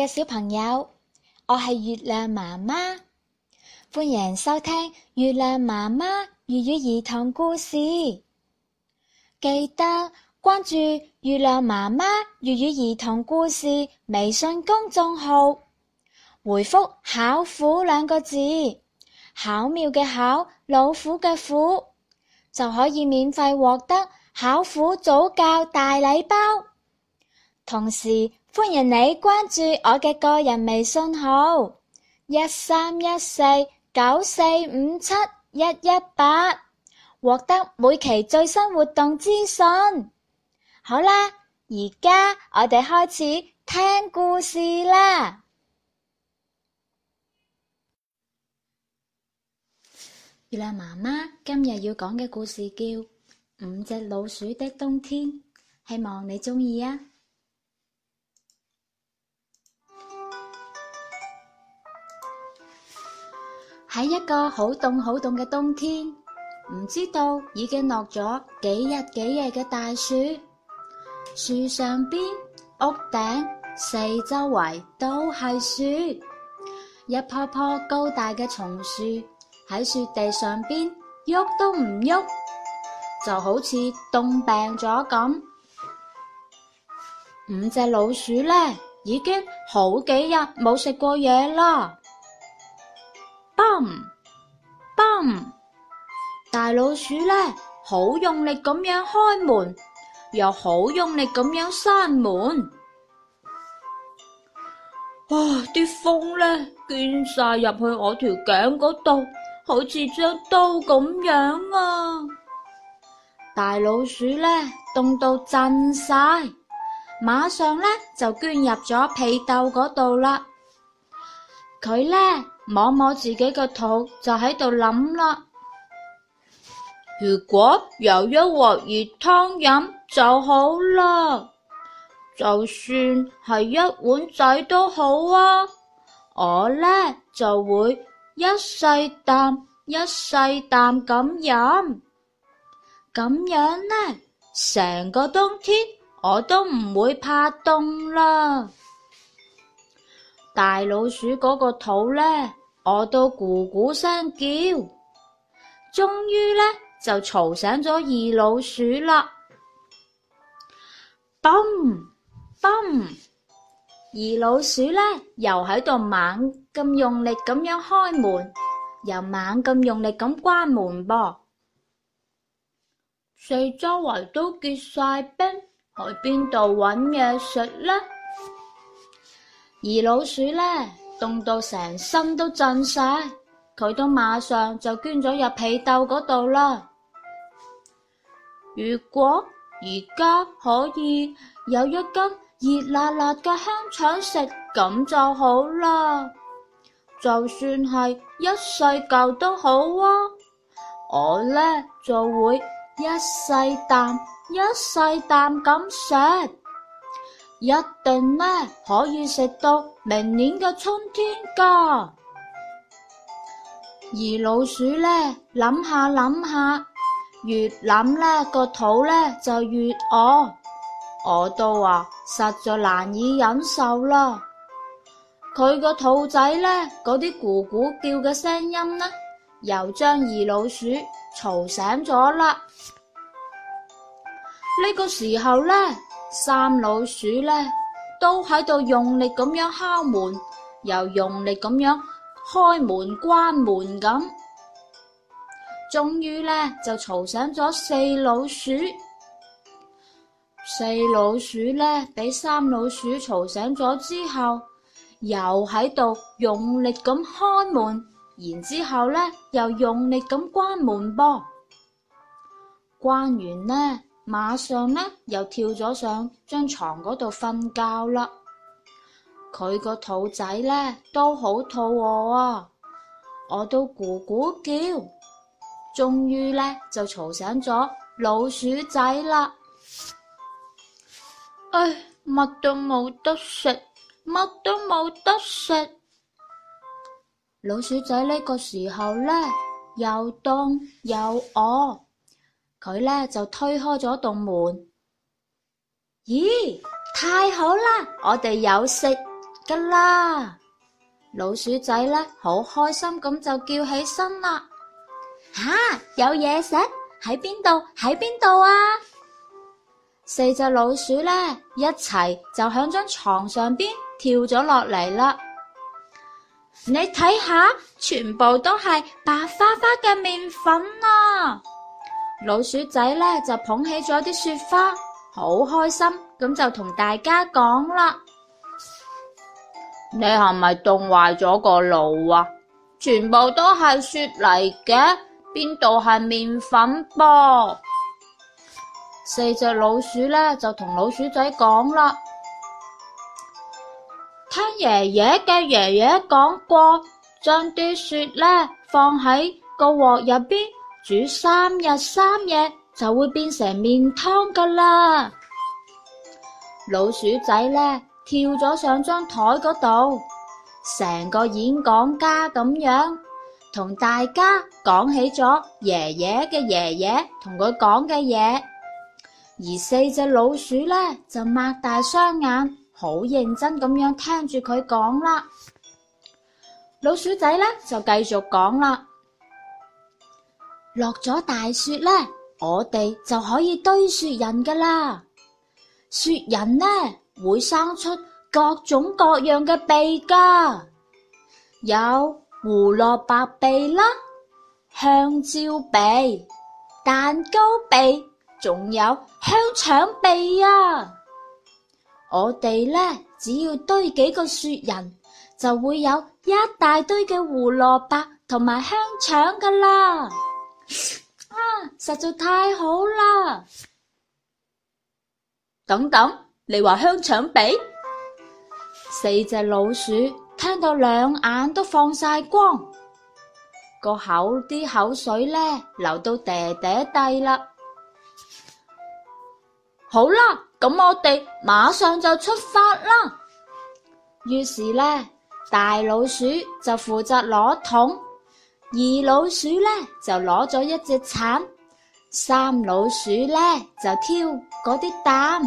嘅小朋友，我係月亮媽媽，歡迎收聽月亮媽媽粵語兒童故事。記得關注月亮媽媽粵語兒童故事微信公眾號，回覆“巧虎”兩個字，巧妙嘅巧，老虎嘅虎，就可以免費獲得巧虎早教大禮包。同時歡迎你關注我嘅個人微信號一三一四九四五七一一八，獲得每期最新活動資訊。好啦，而家我哋開始聽故事啦。月亮媽媽今日要講嘅故事叫《五隻老鼠的冬天》，希望你鍾意啊！喺一個好凍好凍嘅冬天，唔知道已經落咗幾日幾夜嘅大雪，樹上邊、屋頂、四周圍都係雪，一棵棵高大嘅松樹喺雪地上邊喐都唔喐，就好似凍病咗咁。五隻老鼠呢，已經好幾日冇食過嘢啦。大老鼠呢，好用力咁樣開門，又好用力咁樣閂門。哇！啲風呢，捐晒入去我條頸嗰度，好似張刀咁樣啊！大老鼠呢，凍到震晒，馬上呢就鑽入咗被竇嗰度啦。佢呢摸摸自己個肚，就喺度諗啦。如果有一鑊熱湯飲就好啦，就算係一碗仔都好啊。我呢就會一細啖一細啖咁飲，咁樣呢，成個冬天我都唔會怕凍啦。大老鼠嗰個肚呢，我都咕咕聲叫，終於呢。就嘈醒咗二老鼠啦。嘣嘣，o 二老鼠呢又喺度猛咁用力咁樣開門，又猛咁用力咁關門噃。四周圍都結晒冰，去邊度揾嘢食呢？二老鼠呢凍到成身都震晒，佢都馬上就捐咗入被竇嗰度啦。如果而家可以有一根熱辣辣嘅香腸食，咁就好啦。就算係一細舊都好啊，我呢就會一細啖，一細啖咁食，一定呢可以食到明年嘅春天噶。而老鼠呢，諗下諗下。越諗呢個肚呢就越餓，我都話實在難以忍受啦。佢個肚仔呢，嗰啲咕咕叫嘅聲音呢，又將二老鼠嘈醒咗啦。呢個時候呢，三老鼠呢都喺度用力咁樣敲門，又用力咁樣開門關門咁。終於呢，就嘈醒咗四老鼠，四老鼠呢，俾三老鼠嘈醒咗之後，又喺度用力咁開門，然之後呢又用力咁關門噃，關完呢，馬上呢，又跳咗上張床嗰度瞓覺啦。佢個肚仔呢，都好肚餓啊，我都咕咕叫。終於呢，就嘈醒咗老鼠仔啦！唉、哎，乜都冇得食，乜都冇得食。老鼠仔呢個時候呢，又凍又餓，佢呢，就推開咗棟門。咦，太好啦！我哋有食㗎啦！老鼠仔呢，好開心咁就叫起身啦。吓，有嘢食喺邊度？喺邊度啊！啊，四隻老鼠呢，一齊就響張床上邊跳咗落嚟啦。你睇下，全部都係白花花嘅麵粉啊！老鼠仔呢，就捧起咗啲雪花，好開心咁就同大家講啦：你係咪凍壞咗個腦啊？全部都係雪嚟嘅。邊度係麵粉噃？四隻老鼠呢，就同老鼠仔講啦，聽爺爺嘅爺爺講過，將啲雪呢，放喺個鑊入邊煮三日三夜，就會變成麵湯噶啦。老鼠仔呢，跳咗上張台嗰度，成個演講家咁樣。同大家講起咗爺爺嘅爺爺同佢講嘅嘢，而四隻老鼠呢，就擘大雙眼，好認真咁樣聽住佢講啦。老鼠仔呢，就繼續講啦，落咗大雪呢，我哋就可以堆雪人噶啦。雪人呢，會生出各種各樣嘅鼻噶，有。胡蘿蔔鼻啦，香蕉鼻，蛋糕鼻，仲有香腸鼻啊！我哋呢，只要堆幾個雪人，就會有一大堆嘅胡蘿蔔同埋香腸噶啦！ 啊，實在太好啦！等等，你話香腸鼻？四隻老鼠。聽到兩眼都放晒光，個口啲口水咧流到嗲嗲低啦。好啦，咁我哋馬上就出發啦。於是呢，大老鼠就負責攞桶，二老鼠呢就攞咗一隻鏟，三老鼠呢就挑嗰啲擔，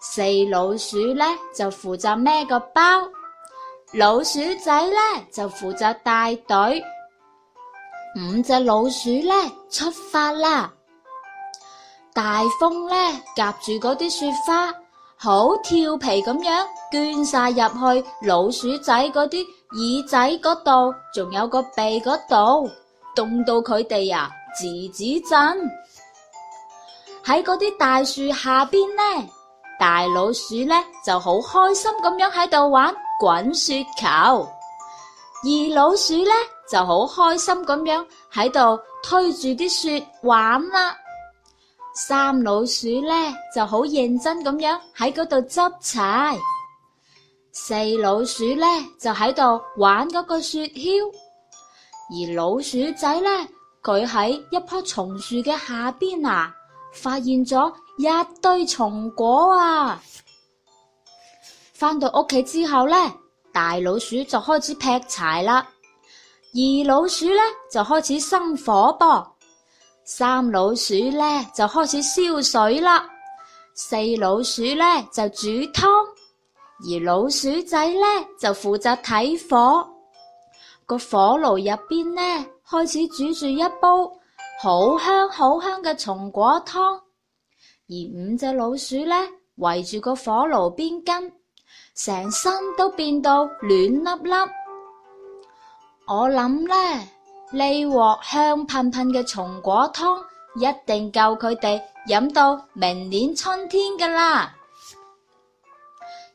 四老鼠呢就負責孭個包。老鼠仔咧就負責帶隊，五隻老鼠咧出發啦。大風咧夾住嗰啲雪花，好調皮咁樣捐晒入去老鼠仔嗰啲耳仔嗰度，仲有個鼻嗰度，凍到佢哋啊，吱吱震。喺嗰啲大樹下邊呢，大老鼠咧就好開心咁樣喺度玩。滾雪球，二老鼠咧就好開心咁樣喺度推住啲雪玩啦。三老鼠咧就好認真咁樣喺嗰度執柴。四老鼠咧就喺度玩嗰個雪橇。而老鼠仔咧，佢喺一棵松樹嘅下邊啊，發現咗一堆松果啊！返到屋企之後呢，大老鼠就開始劈柴啦，二老鼠呢，就開始生火噃，三老鼠呢，就開始燒水啦，四老鼠呢，就煮湯，而老鼠仔呢，就負責睇火。個火爐入邊呢，開始煮住一煲好香好香嘅松果湯，而五隻老鼠呢，圍住個火爐邊跟。成身都變到暖粒粒，我諗呢，呢鑊香噴噴嘅松果湯一定夠佢哋飲到明年春天噶啦。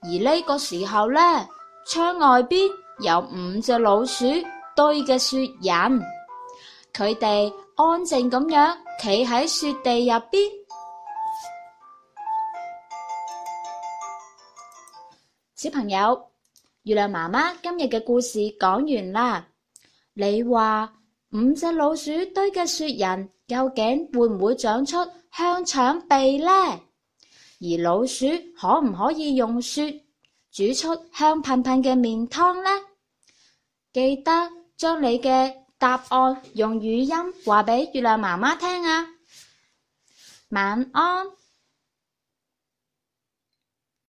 而呢個時候呢，窗外邊有五隻老鼠堆嘅雪人，佢哋安靜咁樣企喺雪地入邊。小朋友，月亮媽媽今日嘅故事講完啦。你話五隻老鼠堆嘅雪人究竟會唔會長出香腸鼻呢？而老鼠可唔可以用雪煮出香噴噴嘅麵湯呢？記得將你嘅答案用語音話俾月亮媽媽聽啊！晚安。